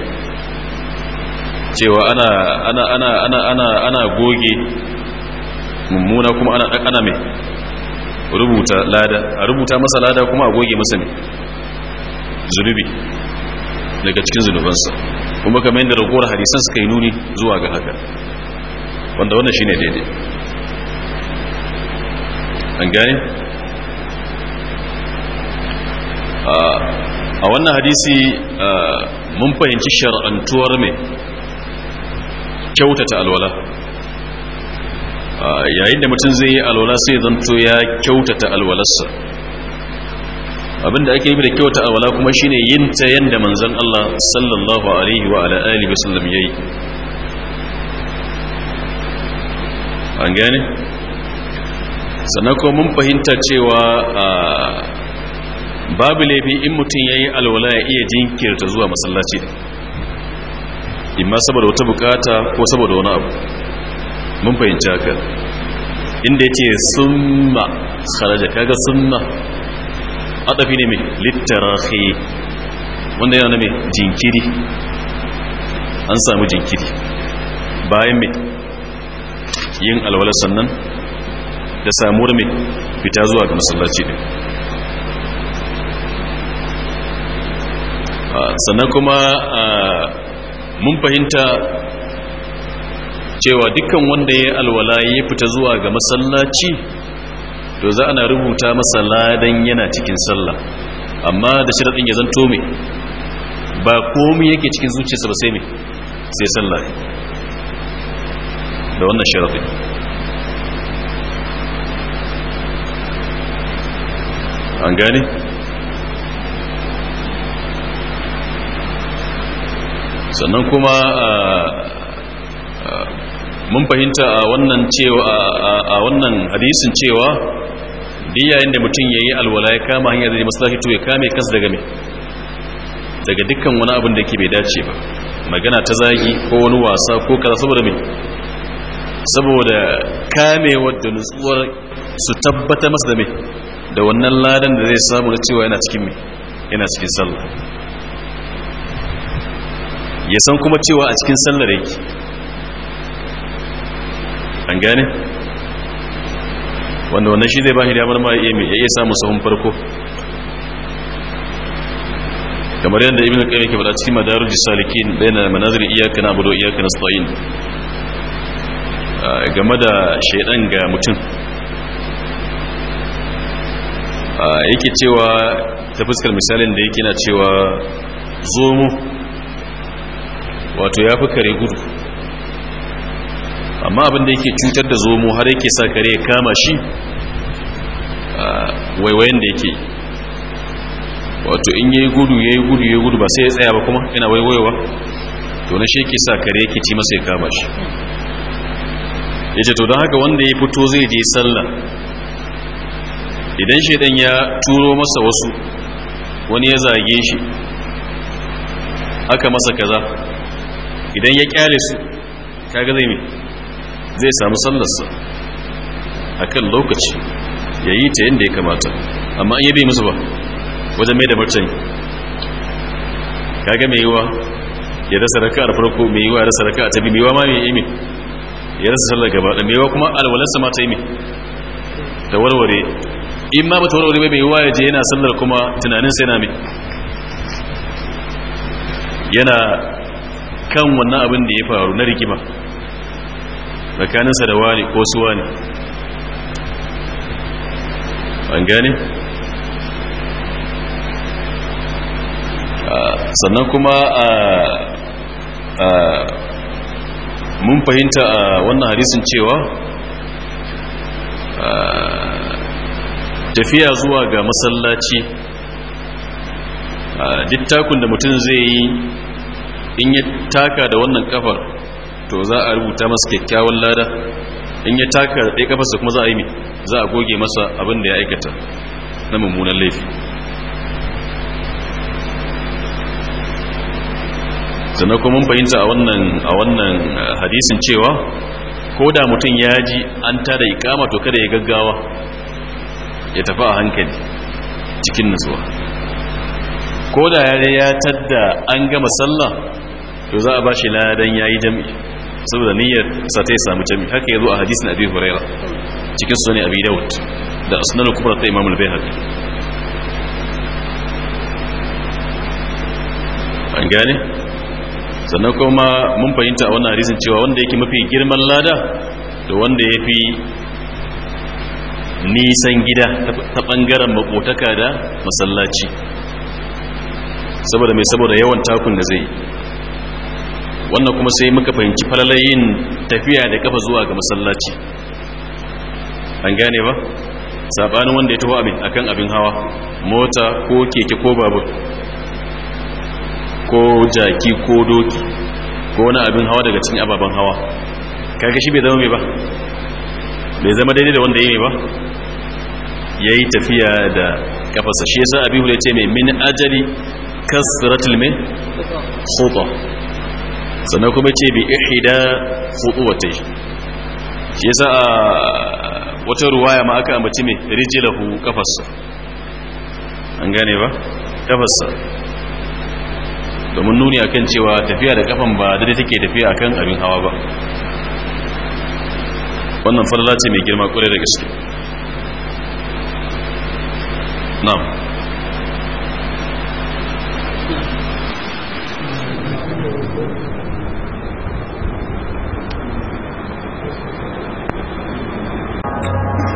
cewa ana ana ana ana ana ana goge mummuna kuma ana ana me rubuta lada a rubuta masa lada kuma a goge masa ne. zunubi daga cikin zunubansa kuma kamar yadda ragowar hadisan suka yi nuni zuwa ga haka wanda wannan shine daidai an gane a wannan hadisi mun fahimci shar'antuwar mai kyautata alwala yayin da mutum zai yi alwala sai zanto ya kyautata alwalarsa abinda ake yi da kyauta a wala kuma shine yin ta yanda manzon Allah sallallahu alaihi wa ala alihi wasallam yayi an gane sannan kuma mun fahimta cewa babu laifi in mutum yayi alwala ya iya jinkirta zuwa masallaci imma saboda wata bukata ko saboda wani abu mun fahimta haka inda yace summa kharaja kaga sunna adafi ne mai littarahi wanda yana mai jinkiri an samu jinkiri bayan mai yin alwala sannan da samuwar mai fita zuwa ga masallaci ne ah, sannan kuma ah, mun fahimta cewa dukkan wanda ya alwala ya fita zuwa ga masallaci to za ana rubuta masa ladan yana cikin sallah amma da din ya zanto me ba komai yake cikin zuciyarsa ba sai me sai sallah da wannan sharaɗin an gane sannan kuma mun fahimta a wannan cewa a wannan hadisin cewa da yayin da mutum ya yi alwala ya kama hanyar da maslahi to ya kame kas daga me daga dukkan wani abin da ke bai dace ba magana ta zagi ko wani wasa ko kaza saboda me saboda kame da nutsuwar su tabbata masa da me da wannan ladan da zai samu da cewa yana cikin me yana cikin sallah ya san kuma cewa a cikin sallar yake an gane wanda wannan shi zai ba shi damar ma ya ya samu sahun farko kamar yadda ibn qayyim yake faɗa cikin madarij jisalikin bayna manazir iyyaka na'budu wa iyyaka nasta'in ah, game da shaydan ga mutum ah, yake cewa ta fuskar misalin da yake na cewa zo mu wato yafi kare gudu amma abin da yake cutar da zomo har yake sa kare ya kama shi waiwayen da yake wato in yayi gudu yayi gudu yayi gudu ba sai ya tsaya ba kuma yana waiwayewa to na shi yake sa kare yake ci masa ya kama shi yace to don haka wanda ya fito zai je sallah idan shedan ya turo masa wasu wani ya zage shi aka masa kaza idan ya kyale su kaga zai mai zai samu sallarsa a kan lokaci ya yi ta yadda ya kamata amma an yabe musu ba wajen mai da martani kaga mai yiwa ya rasa raka a farko mai yiwa ya rasa raka a tabi mai yiwa ma mai yi ya rasa sallar gaba da mai yiwa kuma alwalarsa ma ta yi da warware in ma bata warware mai yiwa ya je yana sallar kuma tunanin sai na mai yana kan wannan abin da ya faru na rigima tsakaninsa da wani ko su wani an gane ah, sannan kuma ah, ah, mun fahimta a wannan hadisin cewa tafiya zuwa ga masallaci dittakun da mutum zai yi in yi taka da wannan kafar to za a rubuta masa kyakkyawan lada in ya taka ɗai kafarsa kuma za a yi mai, za a goge masa abin da ya aikata na mummunan laifi sannan kuma mun fahimta a wannan hadisin cewa ko da mutum ya ji an tada ikama to kada ya gaggawa ya tafi a hankali cikin nutsuwa ko da ya ya tadda an gama sallah to za a ba shi ladan ya yi jam'i saboda niyyar sa ta samu jami haka yazo a hadisin abi huraira cikin sunan abi dawud da asnan kubra ta imam al-bayhaqi an gane sannan kuma mun fahimta a wannan hadisin cewa wanda yake mafi girman lada da wanda yafi nisan gida ta bangaren makotaka da masallaci saboda mai saboda yawan takun da zai yi wannan kuma sai muka fahimci falalayin tafiya da kafa zuwa ga masallaci an gane ba sabanin wanda ya taho abin akan abin hawa mota ko keke ko babur ko jaki ko doki ko wani abin hawa daga cikin ababen hawa kaga shi bai zama mai ba bai zama daidai da wanda ya yi ba ya yi tafiya da kafasa shi yasa abihu ya ce mai min ajali kasratul mai khutbah sannan kuma ce bi ihida fuduwatai shi yasa a wata ruwaya ma aka ambaci ne, rijilahu kafarsa an gane ba kafarsa domin nuni akan cewa tafiya da kafan ba da take tafiya akan abin hawa ba wannan farla ce mai girma kure da gaske na'am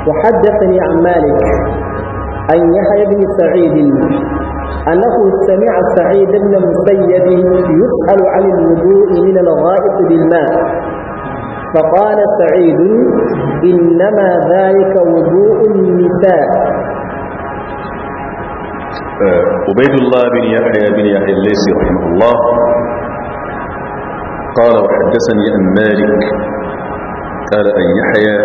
وحدثني عن مالك أن يحيى بن سعيد أنه سمع سعيد بن مسيب يسأل عن الوضوء من الغائط بالماء فقال سعيد إنما ذلك وضوء النساء آه، عبيد الله بن يحيى بن يحيى الليسي رحمه الله قال وحدثني عن مالك قال أن يحيى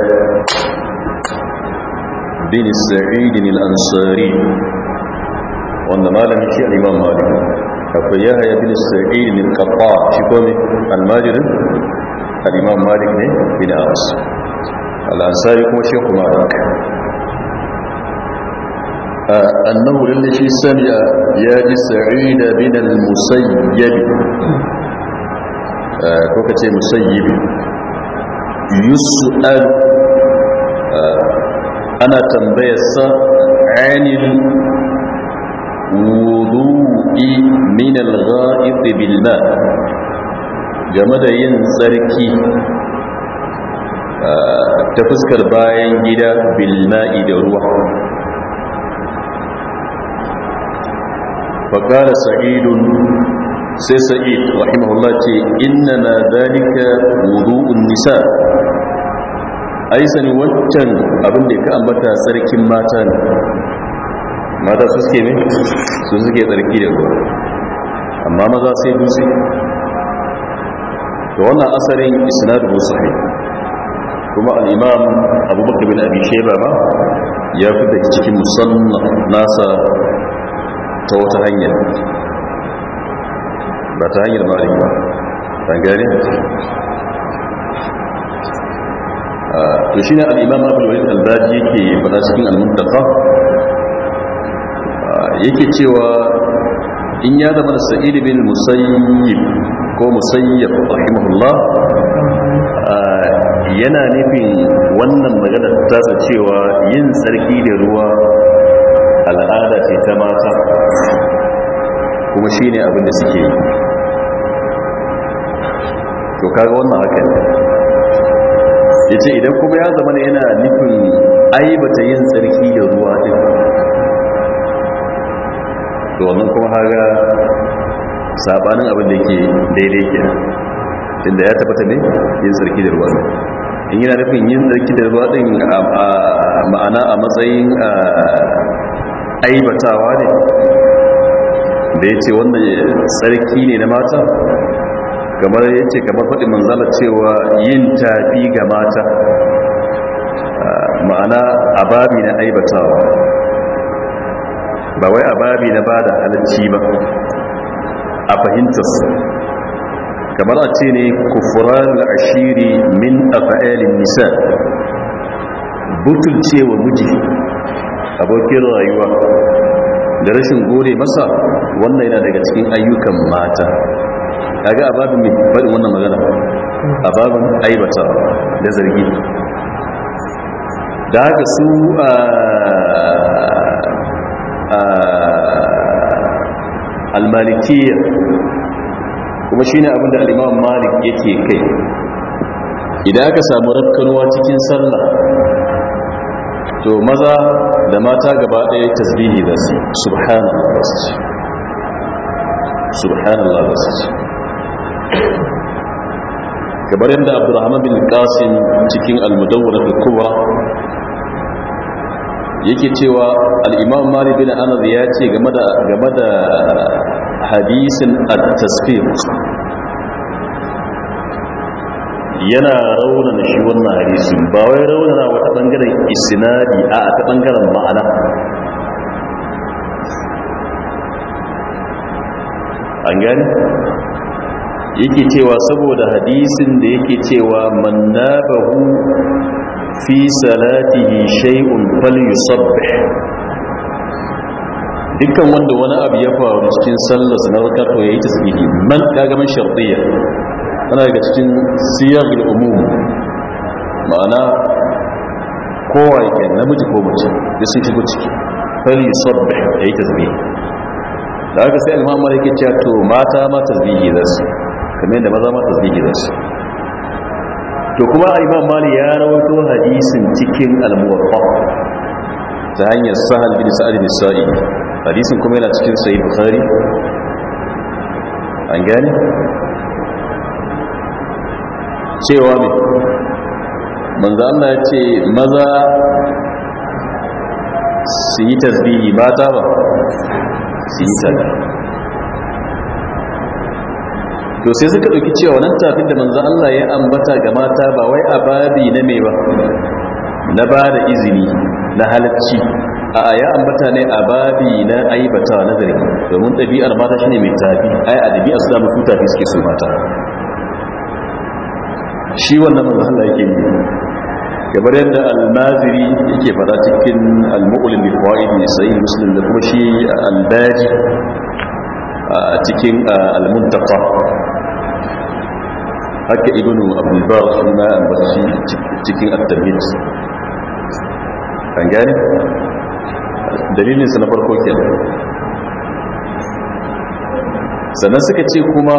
بن السعيد الأنصاري وأن مالك شيء الإمام مالك أقول يا بن السعيد القطاع شكون الماجر الإمام مالك بن أوس الأنصاري كما شيخ مالك آه، أنه الذي سمع يا سعيد بن المسيب آه، كوكتي مسيب يسأل آه، ana tambayarsa anil wudu'i min al-gha'id bil game da yin tsarki ah, ta fuskar bayan gida bilna'i da ruwa faƙara sa'idun sai sa'id rahimahullah ce inna na zalika wudu'un nisa ai sani wancan abin da ka ambata sarkin mata ne mata su suke ne su suke tsarki da ruwa amma maza sai dutse da wannan asarin isnadu sahih kuma al-imam abubakar bin abi shayba ma ya fita cikin musannaf nasa ta wata hanya ba ta hanyar malik ba an to shine al-imam Abu walid al baji yake fada cikin al-muntaqa yake cewa in ya zama sa'id bin musayyib ko Musayyib rahimahullah yana nufin wannan magana ta cewa yin sarki da ruwa al'ada ce ta mata kuma shine abin da suke yi to kaga wannan haka ya ce idan kuma ya zama yana nufin aibata yin tsarki da ruwa din domin kuma haga sabanin abin da ke daidai ke inda ya tabbata ne yin tsarki da ruwa in yana nufin yin tsarki da ruwa din ma'ana a matsayin aibatawa ne da ya ce wannan tsarki ne na mata kamar ya ce kamar faɗi manzana cewa yin tafi ga mata ma'ana ababi na aibatawa ba wai ababi na ba da halarci ba a su kamar a ce ne kufuran ashiri min afa'ilin nisa butulcewa miji abokin rayuwa da rashin gode masa wannan yana daga cikin ayyukan mata kaga a babin mai faɗin wannan magana a babin aibata da zargi da haka su almalikiya kuma shi ne abinda al'imam malik yake kai idan aka samu rafkanuwa cikin sallah to maza da mata gaba ɗaya tasbihi da su subhanallah wasu subhanallah ci. kamar yadda abdurrahman bin qasim cikin al-mudawwara al-kubra yake cewa al-imam malik bin anas ya ce game da game da hadisin at-tasfir yana raunana shi wannan hadisin ba wai raunana wata bangaren isnadi a ta bangaren ma'ana an gani yake cewa saboda hadisin da yake cewa man fi salatihi shay'un falyusabbih dukkan wanda wani abu ya faru cikin sallar na raka to yayi tasbihi man kaga man shartiya ana daga cikin siyar umum ma'ana kowa yake namiji ko mace ya sun shigo ciki falyusabbih yayi tasbihi da haka sai al-mamari yake cewa to mata ma tasbihi zasu kamar da maza ma zai da su to kuma imam mali ya rawato hadisin cikin al muwaffaq ta hanyar sahal bin sa'ad bin sa'i hadisin kuma yana cikin sahih bukhari an gani cewa ne manzo Allah ya ce maza su yi tasbihi mata ba su yi tasbihi to sai suka ɗauki cewa wannan tafin da manzo Allah ya ambata ga mata ba wai a babi na me ba na ba da izini na halacci a ya ambata ne a babi na aibata na zargi domin ɗabi'ar mata shine mai tafi ai a ɗabi'ar su da mutu tafi suke so mata shi wannan manzo Allah yake yi kamar yadda al-naziri yake fada cikin al-mu'lim bi qawaid sahih muslim da kuma shi al-baji a cikin al-muntaqa haka ibnu abdul bar kuma cikin at-tamhid an gane dalilin sa na farko kenan sannan suka ce kuma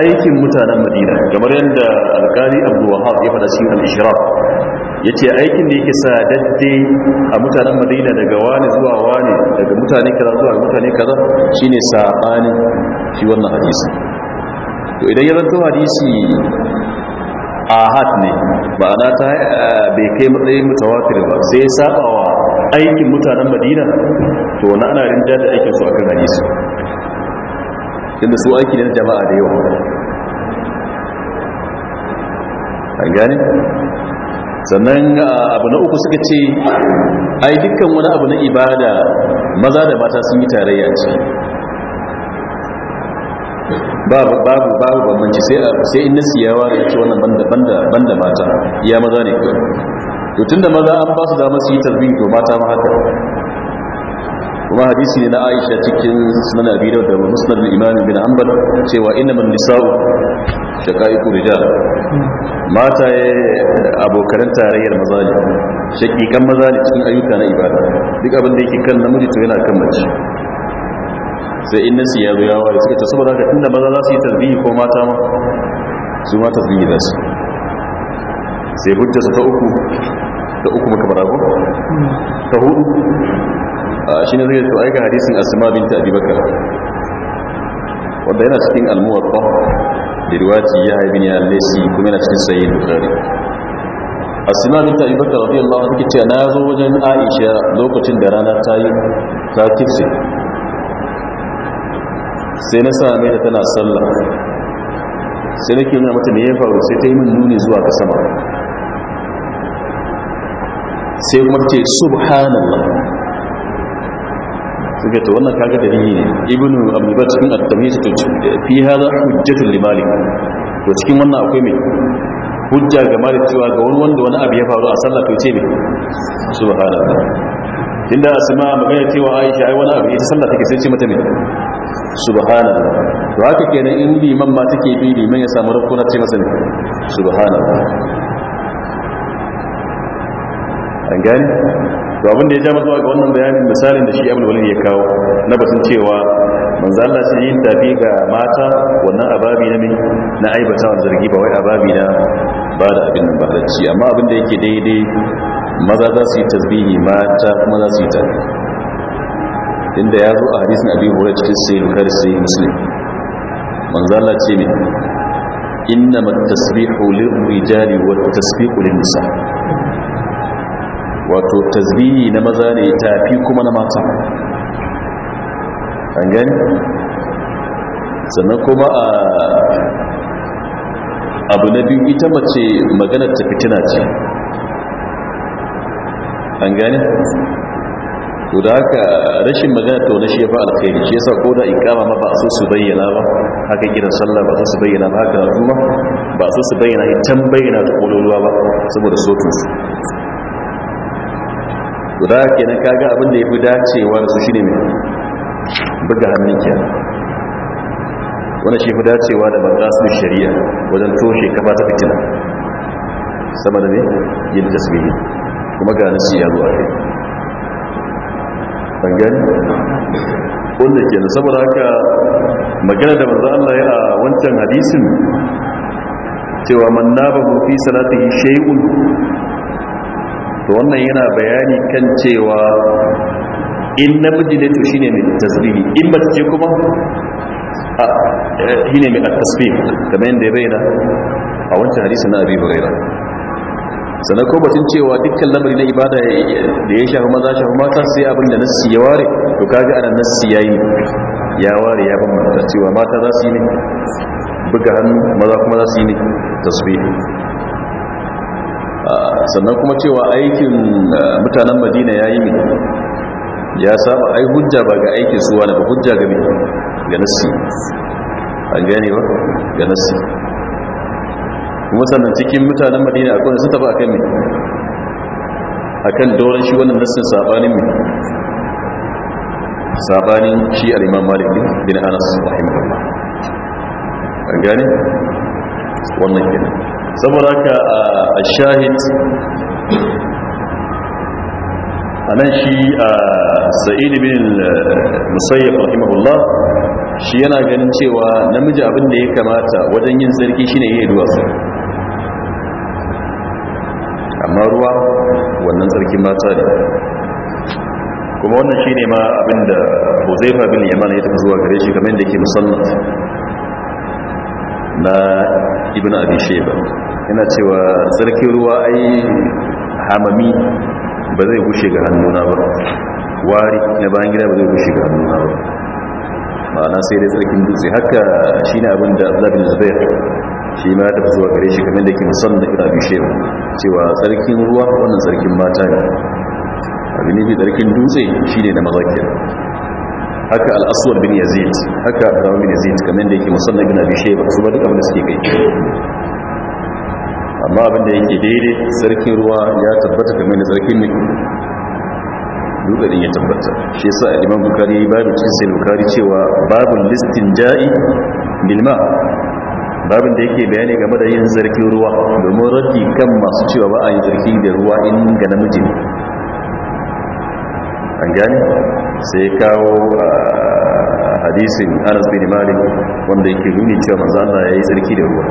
aikin mutanen madina kamar yadda alkali abdullahab ya faɗa cikin al-ishraf ya ce aikin da yake sadadde a mutanen madina daga wani zuwa wani daga mutane kaza zuwa mutane kaza shine saɓanin shi wannan hadisi to idan ya zanto hadisi ahad ne ma'ana ta eh, bai kai matsayin mutawatir ba sai sabawa aikin mutanen madina to wani ana rinjar da aikin su akan hadisi inda su aiki ne na jama'a da yawa an gane sannan ah, abu na uku suka ce ai dukkan wani abu na ibada maza da mata sun yi tarayya ce babu babu babu bambanci sai sai in nasi ya ware ce wannan banda banda banda mata ya maza ne kawai to tunda maza an ba su dama su yi tarbiyyar to mata ma haka kuma hadisi ne na Aisha cikin sunan Abi Dawud da Musnad al-Imam bin Hanbal cewa man nisa'u shaqaiqu rijal mata eh, abokan tarayyar maza ne shaqiqan maza ne cikin ayyuka na ibada duk abin da yake kan namiji to yana kan mace sai in nasi ya zo ya waye suka ce saboda haka inda maza za su yi tasbihi ko mata ma su ma tasbihi za su sai hujja su ta uku da uku muka fara ta hudu ne zai to aika hadisin bin binta abibakar wanda yana cikin ba da riwaci ya ne a lesi kuma yana cikin sahih bukhari asma binta abubakar radiyallahu anha take cewa na zo wajen aisha lokacin da rana ta yi ta kirse sai na same ta tana sallah sai nake nuna mata me ya faru sai ta yi min nuni zuwa ga sama sai kuma ce subhanallah suke ta wannan kaga da ne ibn abubuwa cikin at-tamyiz fi hada hujjatul limalik to cikin wannan akwai mai hujja ga malik cewa ga wani wanda wani abu ya faru a sallah to ce ne subhanallah inda asma magana cewa aisha ai wani abu ya sallah take sai ce mata mai. subhana to haka kenan in liman ma take bi liman ya samu ta ce masa ne subhanallah an gani to abin da ya ja zuwa ga wannan bayanin misalin da shi abul walid ya kawo na batun cewa manzo Allah sai yin tafi ga mata wannan ababi na na aibata wa zargi ba wai ababi na ba da abin nan ba amma abin da yake daidai maza za su yi tasbihi mata kuma za su yi tafi inda ya zo a hadisin abin hurairah cikin sai bukhari sai musulun manzala ce ne innama matasbi hulun lir-rijali wat-tasbihu lin-nisa wato tasbihi na maza ne tafi kuma na mata an gani sannan kuma a abu na biyu ita mace maganar ta fitina ce an gani to da haka rashin magana to na shefa alkhairi shi yasa ko da ikama ma ba su su bayyana ba haka kiran sallah ba su su bayyana ba haka kuma ba su su bayyana itan bayyana ta kololuwa ba saboda sotun su to da haka ne kaga abin da yafi dacewa da su shine mai buga hannun kenan wannan shi fi dacewa da maqasid shari'a wajen toshe kafa ta fitina sama da ne yin tasbihi kuma ga nasi ya a kai an wanda ke saboda haka magana da manzo Allah ya a wancan hadisin cewa man nabahu fi salatihi shai'un to wannan yana bayani kan cewa in namiji ne to shine mai tasiri in ba ce kuma eh, shine mai a tasiri kamar yadda ya bayyana a wancan hadisin na Abi sannan ko batun cewa dukkan lamari na ibada da ya shafi maza shafi mata sai abin da nassi ya ware to kaga ana nassi ya yi ya ware ya bambanta cewa mata za su yi ne buga hannu maza kuma za su yi ne tasbih ah, sannan kuma cewa aikin ah, mutanen madina ya yi ne ya saba ai hujja ba ga aikin suwa na hujja ga mai ga nassi an gane ba ga nassi kuma sannan cikin mutanen madina akwai su tafi akan ne akan doron shi wannan nassin sabanin mai sabanin shi al-imam malik bin anas rahimahullah an gane wannan kenan saboda haka a shahid a nan shi a sa'id bin musayyab rahimahullah shi yana ganin cewa namiji abin da ya kamata wajen yin sarki shine yayin duwatsu amma ruwa wannan sarki mata ne kuma wannan shi ne ma abinda huzaifa bin yaman ya tafi zuwa gare shi kamar yadda ke musamman na ibn abi sheba yana cewa sarki ruwa ai hamami ba zai gushe ga hannuna ba wari na bayan gida ba zai gushe ga hannuna ba ma'ana sai dai tsarkin dutse haka shi ne abinda zabin zubair shi ma ya tafi zuwa gare shi kamar da ke musamman da kira bishe cewa Sarkin ruwa wannan sarkin mata ne abin nufi sarkin dutse shine da na mazakir haka al-aswad bin yazid haka abdama bin yazid kamar da yake musamman bin abin shayba su ba duka abin da suke kai amma abin da yake daidai sarkin ruwa ya tabbata kamar da sarkin ne duka din ya tabbata shi yasa imam bukhari babu cikin bukhari cewa babu listin ja'i ma' babin da yake bayani game da yin zargin ruwa domin raddi kan masu cewa ba a yi zargi da ruwa in ga namiji ne an gani? sai kawo hadisin anas bin malik wanda yake nuni cewa manzo Allah ya yi zargi da ruwa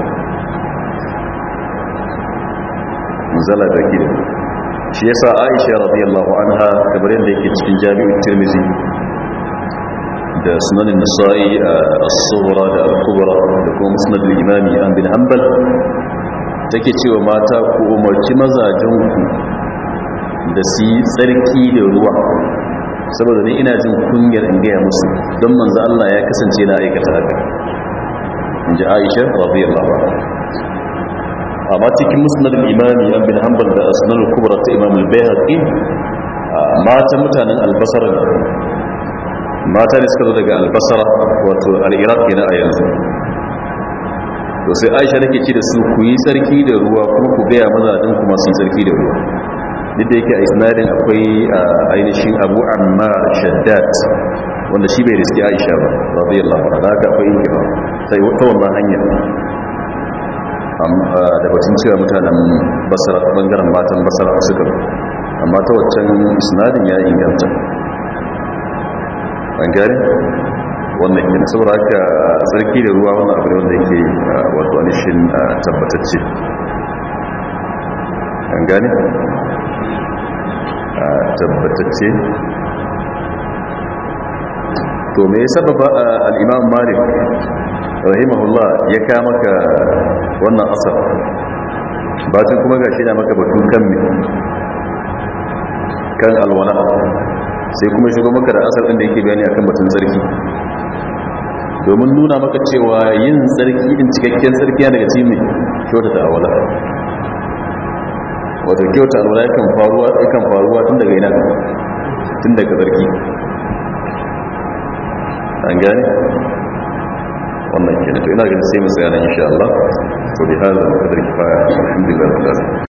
manzala zargi da ruwa shi yasa aisha radiyallahu anha kamar yadda yake cikin jami'in tirmizi da sunanin nisa'i uh, a tsohora da alkubra da kuma musnadin imami an bin hanbal take cewa mata ku umarci mazajenku da su yi tsarki da ruwa saboda ni ina jin kungiyar in gaya musu don manzo Allah ya kasance na aikata haka in ji aisha radiyallahu anha amma cikin musnadin imami an bin hanbal da asnal kubra ta imam al-bayhaqi uh, mata mutanen albasar mata ne suka zo daga albasara wato al'iraq ne a yanzu to sai aisha nake ce da su ku yi sarki da ruwa kuma ku gaya maza din kuma su yi sarki da ruwa duk da yake a isnadin akwai ainihin abu amma Shaddad, wanda shi bai riski aisha ba radiyallahu anha haka akwai inkiba sai wata wannan hanya da batun cewa mutanen basara bangaren matan basara suka amma ta waccan isnadin ya inganta an gane wannan yana saboda haka tsarki da ruwa wannan abu ne wanda yake wato anishin tabbatacce an gane tabbatacce to me sababa al-imam malik rahimahullah ya ka maka wannan asar tun kuma gashi na maka batun kan me kan alwana. sai kuma shigo maka da asar ɗin da yake bayani akan batun sarki. domin nuna maka cewa yin sarki din cikakken sarki daga cikin mai kyauta ta awala wato kyauta alwala yakan faruwa yakan faruwa tun daga ina tun daga sarki. an gane wannan kenan to ina ganin sai mu tsaya nan insha Allah to bi hadha mukaddar kifaya alhamdulillah